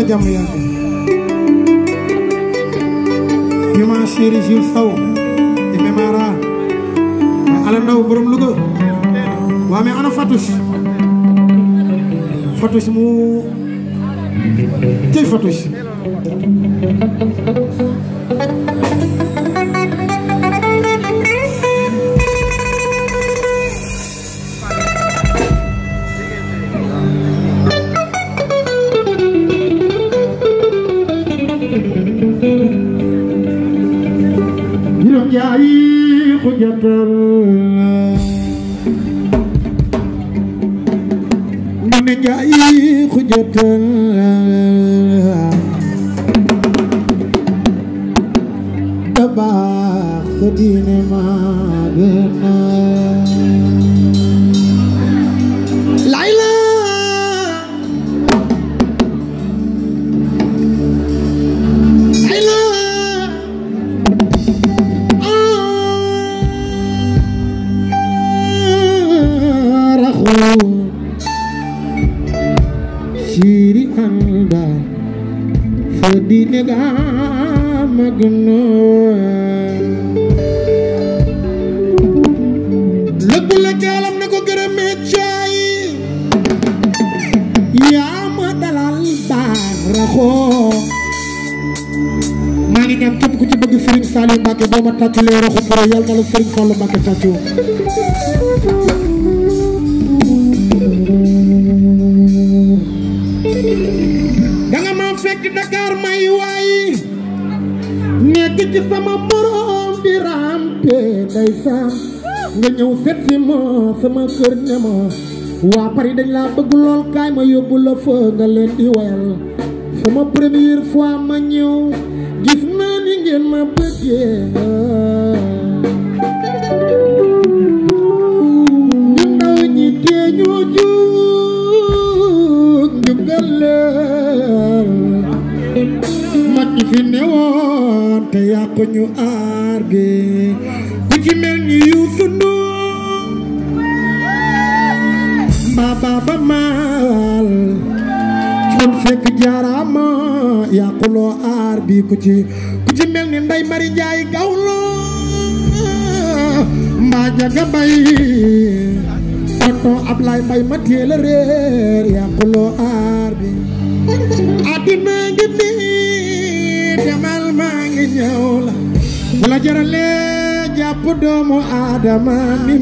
sa jàmm yàgg yu ma chéri Jules Sow di Memara waaye ala ndaw borom waa mais ana Fatouche Fatouche mu cëy Fatouche لله حجة نجاي حجة تباخ دين ما بيننا handa fodine ga magno la jaalam na ko gërëmee caay yaa ma dalal baaraxoo maa ngi ñaan képp ku ci bëgg Serigne Saliou Mbacké boo ma tàcculee raxu pour yàlla na la Serigne Fallou Mbacké tàccoo Dakar may nekk ci sama morom di rampe ndeysaan nga ñëw seet si ma sama kër ne ma waa Paris dañ bëgg lool kaay ma yóbbu la fa nga leen di wayal sama première fois ma ñëw gis naa ni ngeen ma bëggee fi newoon te yàq ñu aar gi ku ci mel ni Youssou Ndour mbaa Baaba Maal kon fekk jaaraama yàquloo aar bi ku ci ku ci mel ni Ndey Mari Njaay gawloo mbaa Njaga Mbay oto Ablaay Mbay ma téela réer yàquloo aar bi demal maa ngi ñëw la bu la jaralee jàpp doomu aadama ni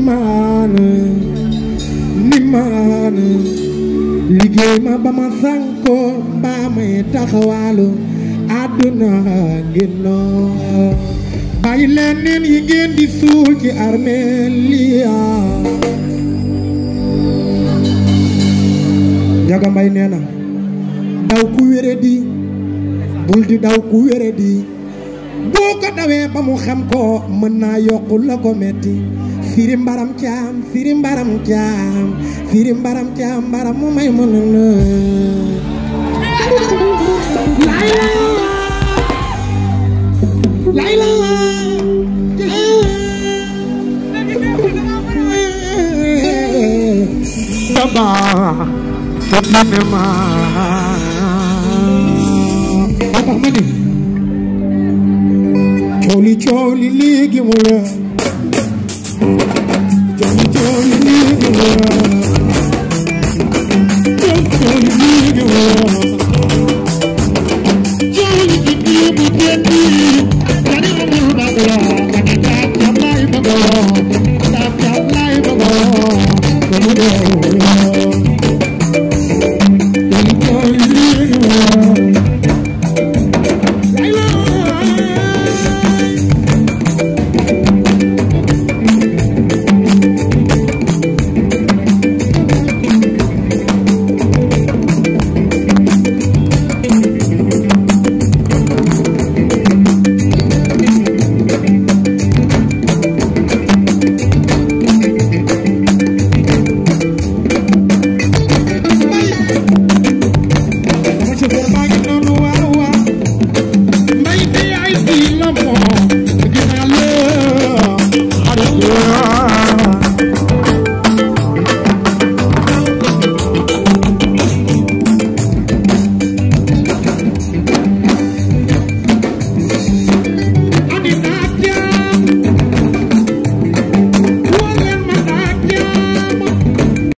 maana liggéey ma ba ma sànkoo mbaa may taxawaalu àdduna ngi noon bàyyi leen neen yi ngeen di suul ci armeel liyaa Njaga nee na daw ku wéré bul di daw ku wére di boo ko dawee ba mu xam ko mën naa yokku la ko metti firi mbaram caam firi mbaram caam firi mbaram caam mbaram mu may mën la layla Taba, taba mema. moo tax ma ne coow li coow li léegi mu la coow li coow li léegi mu la